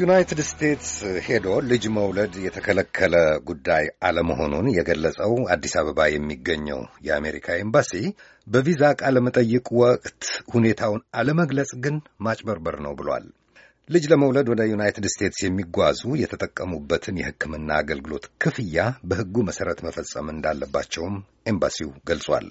ዩናይትድ ስቴትስ ሄዶ ልጅ መውለድ የተከለከለ ጉዳይ አለመሆኑን የገለጸው አዲስ አበባ የሚገኘው የአሜሪካ ኤምባሲ በቪዛ ቃለ መጠይቅ ወቅት ሁኔታውን አለመግለጽ ግን ማጭበርበር ነው ብሏል። ልጅ ለመውለድ ወደ ዩናይትድ ስቴትስ የሚጓዙ የተጠቀሙበትን የሕክምና አገልግሎት ክፍያ በሕጉ መሠረት መፈጸም እንዳለባቸውም ኤምባሲው ገልጿል።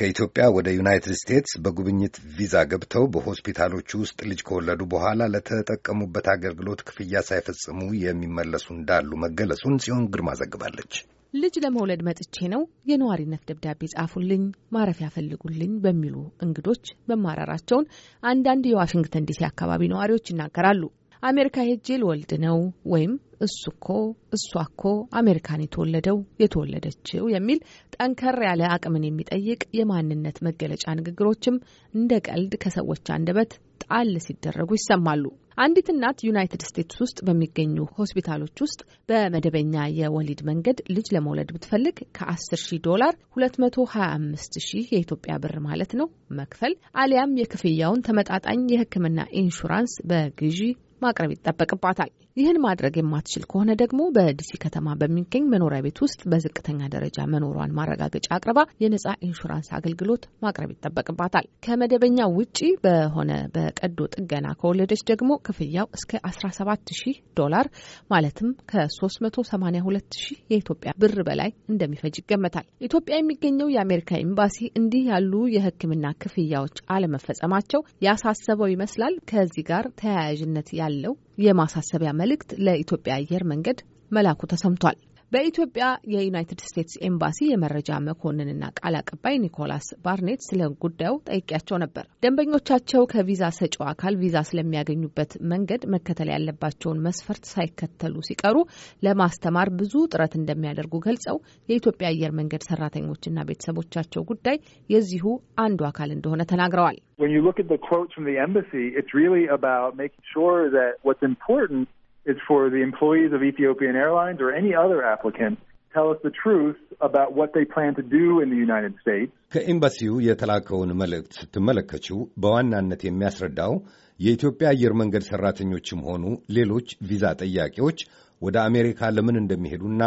ከኢትዮጵያ ወደ ዩናይትድ ስቴትስ በጉብኝት ቪዛ ገብተው በሆስፒታሎች ውስጥ ልጅ ከወለዱ በኋላ ለተጠቀሙበት አገልግሎት ክፍያ ሳይፈጽሙ የሚመለሱ እንዳሉ መገለጹን ጽዮን ግርማ ዘግባለች። ልጅ ለመውለድ መጥቼ ነው የነዋሪነት ደብዳቤ ጻፉልኝ፣ ማረፊያ ፈልጉልኝ በሚሉ እንግዶች መማረራቸውን አንዳንድ የዋሽንግተን ዲሲ አካባቢ ነዋሪዎች ይናገራሉ። አሜሪካ ሄጄ ልወልድ ነው ወይም እሱ እኮ እሷ እኮ አሜሪካን የተወለደው የተወለደችው የሚል ጠንከር ያለ አቅምን የሚጠይቅ የማንነት መገለጫ ንግግሮችም እንደ ቀልድ ከሰዎች አንደበት ጣል ሲደረጉ ይሰማሉ። አንዲት እናት ዩናይትድ ስቴትስ ውስጥ በሚገኙ ሆስፒታሎች ውስጥ በመደበኛ የወሊድ መንገድ ልጅ ለመውለድ ብትፈልግ ከ10 ሺህ ዶላር 225 ሺህ የኢትዮጵያ ብር ማለት ነው መክፈል አሊያም የክፍያውን ተመጣጣኝ የሕክምና ኢንሹራንስ በግዢ ማቅረብ ይጠበቅባታል። ይህን ማድረግ የማትችል ከሆነ ደግሞ በዲሲ ከተማ በሚገኝ መኖሪያ ቤት ውስጥ በዝቅተኛ ደረጃ መኖሯን ማረጋገጫ አቅርባ የነጻ ኢንሹራንስ አገልግሎት ማቅረብ ይጠበቅባታል። ከመደበኛ ውጪ በሆነ በቀዶ ጥገና ከወለደች ደግሞ ክፍያው እስከ 170 ዶላር ማለትም ከ382 የኢትዮጵያ ብር በላይ እንደሚፈጅ ይገመታል። ኢትዮጵያ የሚገኘው የአሜሪካ ኤምባሲ እንዲህ ያሉ የሕክምና ክፍያዎች አለመፈጸማቸው ያሳሰበው ይመስላል። ከዚህ ጋር ተያያዥነት ያለው የማሳሰቢያ መልእክት ለኢትዮጵያ አየር መንገድ መላኩ ተሰምቷል። በኢትዮጵያ የዩናይትድ ስቴትስ ኤምባሲ የመረጃ መኮንንና ቃል አቀባይ ኒኮላስ ባርኔት ስለ ጉዳዩ ጠይቄያቸው ነበር። ደንበኞቻቸው ከቪዛ ሰጪው አካል ቪዛ ስለሚያገኙበት መንገድ መከተል ያለባቸውን መስፈርት ሳይከተሉ ሲቀሩ ለማስተማር ብዙ ጥረት እንደሚያደርጉ ገልጸው የኢትዮጵያ አየር መንገድ ሰራተኞችና ቤተሰቦቻቸው ጉዳይ የዚሁ አንዱ አካል እንደሆነ ተናግረዋል። is for the employees of Ethiopian Airlines or any other applicant tell us the truth about what they plan to do in the United States. ከኤምባሲው የተላከውን መልእክት ስትመለከችው በዋናነት የሚያስረዳው የኢትዮጵያ አየር መንገድ ሠራተኞችም ሆኑ ሌሎች ቪዛ ጠያቂዎች ወደ አሜሪካ ለምን እንደሚሄዱና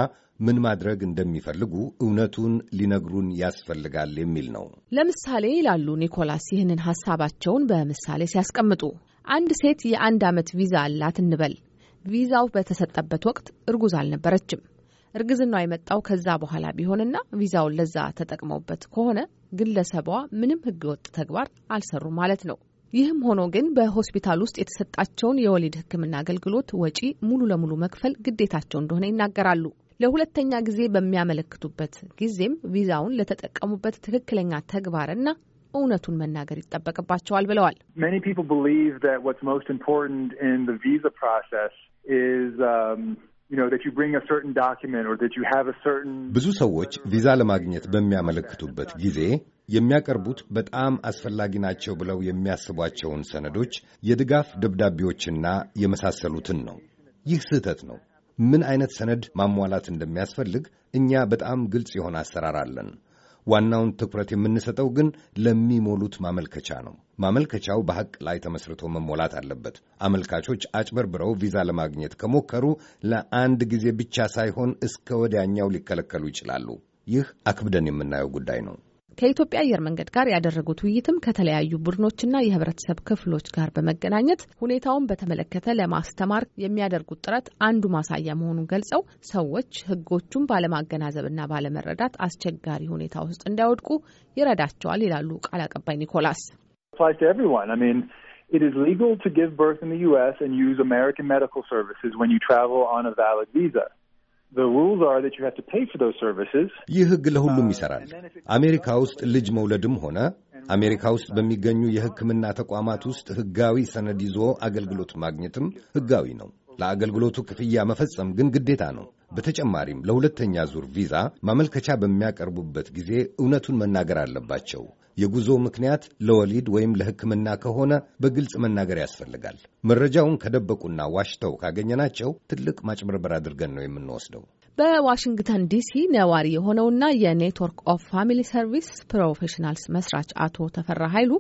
ምን ማድረግ እንደሚፈልጉ እውነቱን ሊነግሩን ያስፈልጋል የሚል ነው። ለምሳሌ ይላሉ ኒኮላስ ይህንን ሐሳባቸውን በምሳሌ ሲያስቀምጡ አንድ ሴት የአንድ ዓመት ቪዛ አላት እንበል። ቪዛው በተሰጠበት ወቅት እርጉዝ አልነበረችም። እርግዝናዋ የመጣው ከዛ በኋላ ቢሆንና ቪዛውን ለዛ ተጠቅመውበት ከሆነ ግለሰቧ ምንም ህገወጥ ተግባር አልሰሩም ማለት ነው። ይህም ሆኖ ግን በሆስፒታል ውስጥ የተሰጣቸውን የወሊድ ሕክምና አገልግሎት ወጪ ሙሉ ለሙሉ መክፈል ግዴታቸው እንደሆነ ይናገራሉ። ለሁለተኛ ጊዜ በሚያመለክቱበት ጊዜም ቪዛውን ለተጠቀሙበት ትክክለኛ ተግባርና እውነቱን መናገር ይጠበቅባቸዋል ብለዋል። is um, ብዙ ሰዎች ቪዛ ለማግኘት በሚያመለክቱበት ጊዜ የሚያቀርቡት በጣም አስፈላጊ ናቸው ብለው የሚያስቧቸውን ሰነዶች፣ የድጋፍ ደብዳቤዎችና የመሳሰሉትን ነው። ይህ ስህተት ነው። ምን አይነት ሰነድ ማሟላት እንደሚያስፈልግ እኛ በጣም ግልጽ የሆነ አሰራር አለን። ዋናውን ትኩረት የምንሰጠው ግን ለሚሞሉት ማመልከቻ ነው። ማመልከቻው በሐቅ ላይ ተመስርቶ መሞላት አለበት። አመልካቾች አጭበርብረው ቪዛ ለማግኘት ከሞከሩ ለአንድ ጊዜ ብቻ ሳይሆን እስከ ወዲያኛው ሊከለከሉ ይችላሉ። ይህ አክብደን የምናየው ጉዳይ ነው። ከኢትዮጵያ አየር መንገድ ጋር ያደረጉት ውይይትም ከተለያዩ ቡድኖችና የህብረተሰብ ክፍሎች ጋር በመገናኘት ሁኔታውን በተመለከተ ለማስተማር የሚያደርጉት ጥረት አንዱ ማሳያ መሆኑን ገልጸው ሰዎች ህጎቹን ባለማገናዘብና ባለመረዳት አስቸጋሪ ሁኔታ ውስጥ እንዳይወድቁ ይረዳቸዋል ይላሉ ቃል አቀባይ ኒኮላስ። applies to everyone. I mean, it is legal to give birth in the U.S. and use American medical services when you travel on a valid visa. ይህ ሕግ ለሁሉም ይሠራል። አሜሪካ ውስጥ ልጅ መውለድም ሆነ አሜሪካ ውስጥ በሚገኙ የሕክምና ተቋማት ውስጥ ሕጋዊ ሰነድ ይዞ አገልግሎት ማግኘትም ሕጋዊ ነው። ለአገልግሎቱ ክፍያ መፈጸም ግን ግዴታ ነው። በተጨማሪም ለሁለተኛ ዙር ቪዛ ማመልከቻ በሚያቀርቡበት ጊዜ እውነቱን መናገር አለባቸው። የጉዞ ምክንያት ለወሊድ ወይም ለሕክምና ከሆነ በግልጽ መናገር ያስፈልጋል። መረጃውን ከደበቁና ዋሽተው ካገኘናቸው ትልቅ ማጭበርበር አድርገን ነው የምንወስደው። በዋሽንግተን ዲሲ ነዋሪ የሆነውና የኔትወርክ ኦፍ ፋሚሊ ሰርቪስ ፕሮፌሽናልስ መስራች አቶ ተፈራ ኃይሉ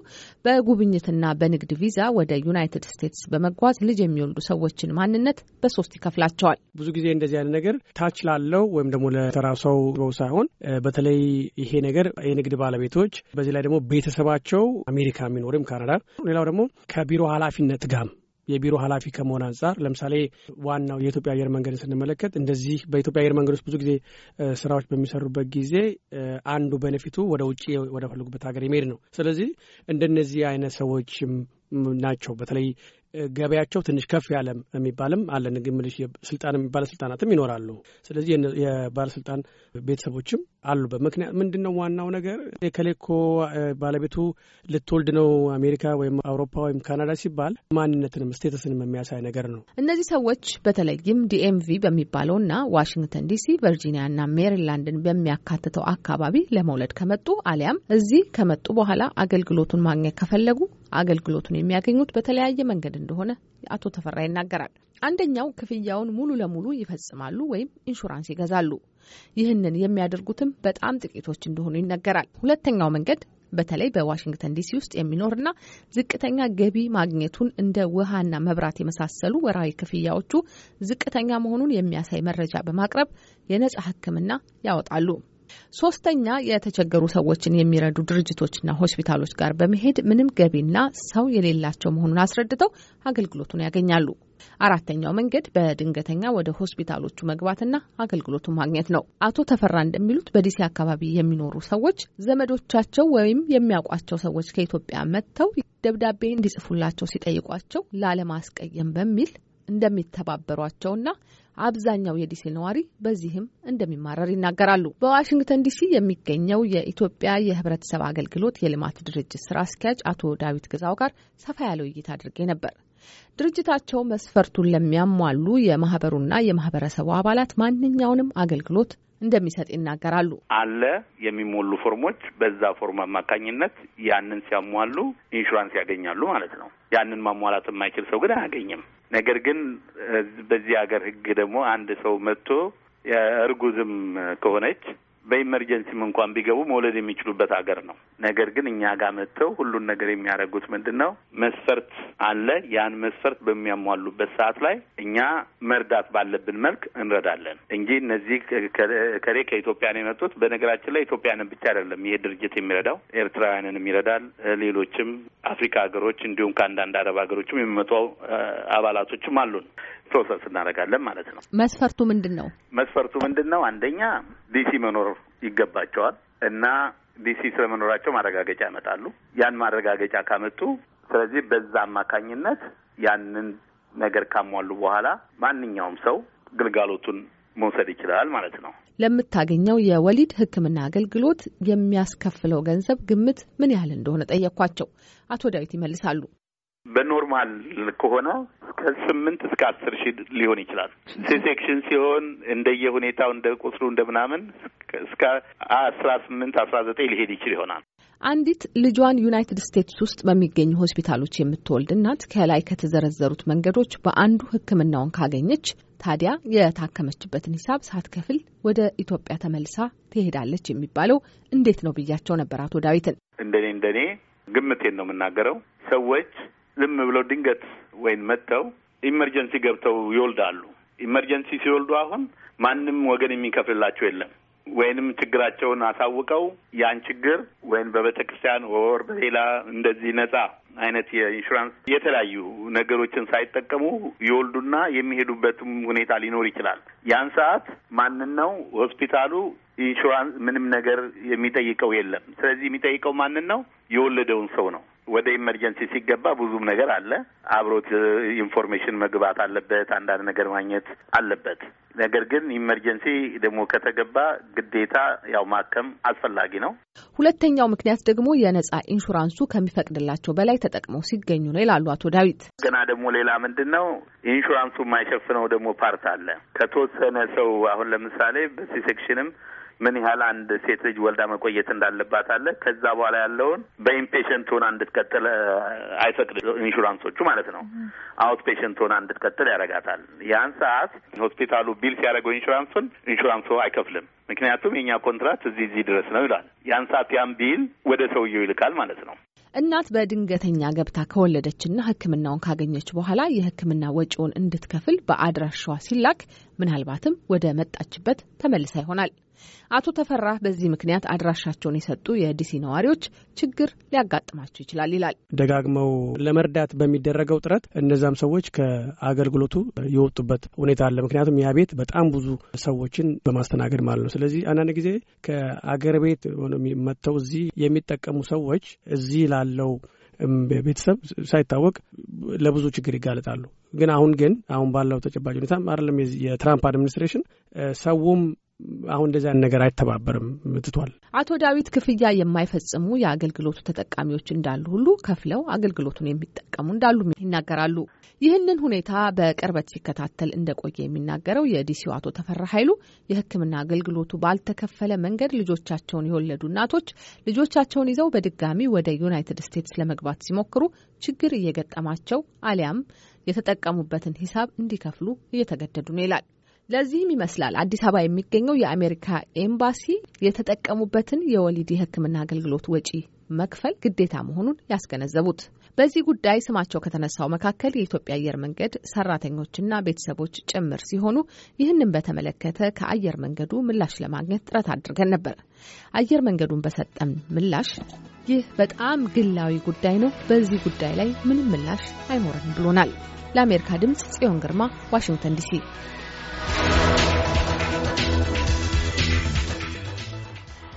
በጉብኝትና በንግድ ቪዛ ወደ ዩናይትድ ስቴትስ በመጓዝ ልጅ የሚወልዱ ሰዎችን ማንነት በሶስት ይከፍላቸዋል። ብዙ ጊዜ እንደዚህ አይነት ነገር ታች ላለው ወይም ደግሞ ለተራ ሰው ሳይሆን በተለይ ይሄ ነገር የንግድ ባለቤቶች በዚህ ላይ ደግሞ ቤተሰባቸው አሜሪካ የሚኖር ካናዳ፣ ሌላው ደግሞ ከቢሮ ኃላፊነት ጋም የቢሮ ኃላፊ ከመሆን አንጻር ለምሳሌ ዋናው የኢትዮጵያ አየር መንገድን ስንመለከት እንደዚህ በኢትዮጵያ አየር መንገድ ውስጥ ብዙ ጊዜ ስራዎች በሚሰሩበት ጊዜ አንዱ በነፊቱ ወደ ውጭ ወደ ፈለጉበት ሀገር የመሄድ ነው። ስለዚህ እንደነዚህ አይነት ሰዎችም ናቸው። በተለይ ገበያቸው ትንሽ ከፍ ያለ የሚባልም አለ። ግምልሽ ስልጣን ባለስልጣናትም ይኖራሉ። ስለዚህ የባለስልጣን ቤተሰቦችም አሉ። በምክንያት ምንድን ነው ዋናው ነገር የከሌኮ ባለቤቱ ልትወልድ ነው አሜሪካ ወይም አውሮፓ ወይም ካናዳ ሲባል ማንነትንም ስቴተስንም የሚያሳይ ነገር ነው። እነዚህ ሰዎች በተለይም ዲኤምቪ በሚባለውና ዋሽንግተን ዲሲ፣ ቨርጂኒያና ሜሪላንድን በሚያካትተው አካባቢ ለመውለድ ከመጡ አሊያም እዚህ ከመጡ በኋላ አገልግሎቱን ማግኘት ከፈለጉ አገልግሎቱን የሚያገኙት በተለያየ መንገድ እንደሆነ አቶ ተፈራ ይናገራል። አንደኛው ክፍያውን ሙሉ ለሙሉ ይፈጽማሉ ወይም ኢንሹራንስ ይገዛሉ። ይህንን የሚያደርጉትም በጣም ጥቂቶች እንደሆኑ ይነገራል። ሁለተኛው መንገድ በተለይ በዋሽንግተን ዲሲ ውስጥ የሚኖርና ዝቅተኛ ገቢ ማግኘቱን እንደ ውሃና መብራት የመሳሰሉ ወራዊ ክፍያዎቹ ዝቅተኛ መሆኑን የሚያሳይ መረጃ በማቅረብ የነጻ ሕክምና ያወጣሉ። ሶስተኛ የተቸገሩ ሰዎችን የሚረዱ ድርጅቶችና ሆስፒታሎች ጋር በመሄድ ምንም ገቢና ሰው የሌላቸው መሆኑን አስረድተው አገልግሎቱን ያገኛሉ። አራተኛው መንገድ በድንገተኛ ወደ ሆስፒታሎቹ መግባትና አገልግሎቱን ማግኘት ነው። አቶ ተፈራ እንደሚሉት በዲሲ አካባቢ የሚኖሩ ሰዎች ዘመዶቻቸው ወይም የሚያውቋቸው ሰዎች ከኢትዮጵያ መጥተው ደብዳቤ እንዲጽፉላቸው ሲጠይቋቸው ላለማስቀየም በሚል እንደሚተባበሯቸውና አብዛኛው የዲሲ ነዋሪ በዚህም እንደሚማረር ይናገራሉ። በዋሽንግተን ዲሲ የሚገኘው የኢትዮጵያ የህብረተሰብ አገልግሎት የልማት ድርጅት ስራ አስኪያጅ አቶ ዳዊት ግዛው ጋር ሰፋ ያለው ውይይት አድርጌ ነበር። ድርጅታቸው መስፈርቱን ለሚያሟሉ የማህበሩና የማህበረሰቡ አባላት ማንኛውንም አገልግሎት እንደሚሰጥ ይናገራሉ። አለ የሚሞሉ ፎርሞች፣ በዛ ፎርም አማካኝነት ያንን ሲያሟሉ ኢንሹራንስ ያገኛሉ ማለት ነው። ያንን ማሟላት የማይችል ሰው ግን አያገኝም። ነገር ግን በዚህ ሀገር ህግ ደግሞ አንድ ሰው መጥቶ እርጉዝም ከሆነች በኢመርጀንሲም እንኳን ቢገቡ መውለድ የሚችሉበት ሀገር ነው። ነገር ግን እኛ ጋር መጥተው ሁሉን ነገር የሚያደርጉት ምንድን ነው? መስፈርት አለ። ያን መስፈርት በሚያሟሉበት ሰዓት ላይ እኛ መርዳት ባለብን መልክ እንረዳለን እንጂ እነዚህ ከሬ ከኢትዮጵያን የመጡት። በነገራችን ላይ ኢትዮጵያንን ብቻ አይደለም ይሄ ድርጅት የሚረዳው ኤርትራውያንንም ይረዳል። ሌሎችም አፍሪካ ሀገሮች እንዲሁም ከአንዳንድ አረብ ሀገሮችም የሚመጡ አባላቶችም አሉን። ፕሮሰስ እናደርጋለን ማለት ነው። መስፈርቱ ምንድን ነው? መስፈርቱ ምንድን ነው? አንደኛ ዲሲ መኖር ይገባቸዋል እና ዲሲ ስለመኖራቸው ማረጋገጫ ያመጣሉ። ያን ማረጋገጫ ካመጡ፣ ስለዚህ በዛ አማካኝነት ያንን ነገር ካሟሉ በኋላ ማንኛውም ሰው ግልጋሎቱን መውሰድ ይችላል ማለት ነው። ለምታገኘው የወሊድ ሕክምና አገልግሎት የሚያስከፍለው ገንዘብ ግምት ምን ያህል እንደሆነ ጠየኳቸው። አቶ ዳዊት ይመልሳሉ። በኖርማል ከሆነ ከስምንት እስከ አስር ሺህ ሊሆን ይችላል። ሴሴክሽን ሲሆን እንደየ ሁኔታው እንደ ቁስሉ እንደምናምን እስከ አስራ ስምንት አስራ ዘጠኝ ሊሄድ ይችል ይሆናል። አንዲት ልጇን ዩናይትድ ስቴትስ ውስጥ በሚገኙ ሆስፒታሎች የምትወልድ እናት ከላይ ከተዘረዘሩት መንገዶች በአንዱ ሕክምናውን ካገኘች ታዲያ የታከመችበትን ሂሳብ ሳትከፍል ወደ ኢትዮጵያ ተመልሳ ትሄዳለች የሚባለው እንዴት ነው ብያቸው ነበር አቶ ዳዊትን። እንደኔ እንደኔ ግምቴን ነው የምናገረው ሰዎች ዝም ብለው ድንገት ወይን መጥተው ኢመርጀንሲ ገብተው ይወልዳሉ። ኢመርጀንሲ ሲወልዱ አሁን ማንም ወገን የሚከፍልላቸው የለም። ወይንም ችግራቸውን አሳውቀው ያን ችግር ወይም በቤተ ክርስቲያን ወር በሌላ እንደዚህ ነጻ አይነት የኢንሹራንስ የተለያዩ ነገሮችን ሳይጠቀሙ ይወልዱና የሚሄዱበትም ሁኔታ ሊኖር ይችላል። ያን ሰዓት ማንን ነው ሆስፒታሉ ኢንሹራንስ ምንም ነገር የሚጠይቀው የለም። ስለዚህ የሚጠይቀው ማንን ነው? የወለደውን ሰው ነው። ወደ ኢመርጀንሲ ሲገባ ብዙም ነገር አለ። አብሮት ኢንፎርሜሽን መግባት አለበት፣ አንዳንድ ነገር ማግኘት አለበት። ነገር ግን ኢመርጀንሲ ደግሞ ከተገባ ግዴታ ያው ማከም አስፈላጊ ነው። ሁለተኛው ምክንያት ደግሞ የነጻ ኢንሹራንሱ ከሚፈቅድላቸው በላይ ተጠቅመው ሲገኙ ነው ይላሉ አቶ ዳዊት። ገና ደግሞ ሌላ ምንድን ነው ኢንሹራንሱ የማይሸፍነው ደግሞ ፓርት አለ። ከተወሰነ ሰው አሁን ለምሳሌ ሴክሽንም ምን ያህል አንድ ሴት ልጅ ወልዳ መቆየት እንዳለባት አለ። ከዛ በኋላ ያለውን በኢምፔሽንት ሆና እንድትቀጥል አይፈቅድ ኢንሹራንሶቹ ማለት ነው። አውት ፔሽንት ሆና እንድትቀጥል ያደርጋታል። ያን ሰዓት ሆስፒታሉ ቢል ሲያደርገው ኢንሹራንሱን ኢንሹራንሱ አይከፍልም። ምክንያቱም የእኛ ኮንትራት እዚህ እዚህ ድረስ ነው ይላል። ያን ሰዓት ያን ቢል ወደ ሰውየው ይልካል ማለት ነው። እናት በድንገተኛ ገብታ ከወለደችና ሕክምናውን ካገኘች በኋላ የሕክምና ወጪውን እንድትከፍል በአድራሻዋ ሲላክ ምናልባትም ወደ መጣችበት ተመልሳ ይሆናል። አቶ ተፈራ በዚህ ምክንያት አድራሻቸውን የሰጡ የዲሲ ነዋሪዎች ችግር ሊያጋጥማቸው ይችላል ይላል። ደጋግመው ለመርዳት በሚደረገው ጥረት እነዛም ሰዎች ከአገልግሎቱ የወጡበት ሁኔታ አለ። ምክንያቱም ያ ቤት በጣም ብዙ ሰዎችን በማስተናገድ ማለት ነው። ስለዚህ አንዳንድ ጊዜ ከአገር ቤት መጥተው እዚህ የሚጠቀሙ ሰዎች እዚህ ላለው ቤተሰብ ሳይታወቅ ለብዙ ችግር ይጋለጣሉ። ግን አሁን ግን አሁን ባለው ተጨባጭ ሁኔታ አይደለም የትራምፕ አድሚኒስትሬሽን ሰውም አሁን እንደዚያን ነገር አይተባበርም ትቷል። አቶ ዳዊት ክፍያ የማይፈጽሙ የአገልግሎቱ ተጠቃሚዎች እንዳሉ ሁሉ ከፍለው አገልግሎቱን የሚጠቀሙ እንዳሉ ይናገራሉ። ይህንን ሁኔታ በቅርበት ሲከታተል እንደቆየ የሚናገረው የዲሲው አቶ ተፈራ ኃይሉ የሕክምና አገልግሎቱ ባልተከፈለ መንገድ ልጆቻቸውን የወለዱ እናቶች ልጆቻቸውን ይዘው በድጋሚ ወደ ዩናይትድ ስቴትስ ለመግባት ሲሞክሩ ችግር እየገጠማቸው አሊያም የተጠቀሙበትን ሂሳብ እንዲከፍሉ እየተገደዱ ነው ይላል። ለዚህም ይመስላል አዲስ አበባ የሚገኘው የአሜሪካ ኤምባሲ የተጠቀሙበትን የወሊድ የሕክምና አገልግሎት ወጪ መክፈል ግዴታ መሆኑን ያስገነዘቡት። በዚህ ጉዳይ ስማቸው ከተነሳው መካከል የኢትዮጵያ አየር መንገድ ሰራተኞችና ቤተሰቦች ጭምር ሲሆኑ ይህንን በተመለከተ ከአየር መንገዱ ምላሽ ለማግኘት ጥረት አድርገን ነበር። አየር መንገዱን በሰጠን ምላሽ ይህ በጣም ግላዊ ጉዳይ ነው፣ በዚህ ጉዳይ ላይ ምንም ምላሽ አይኖረን ብሎናል። ለአሜሪካ ድምፅ ጽዮን ግርማ ዋሽንግተን ዲሲ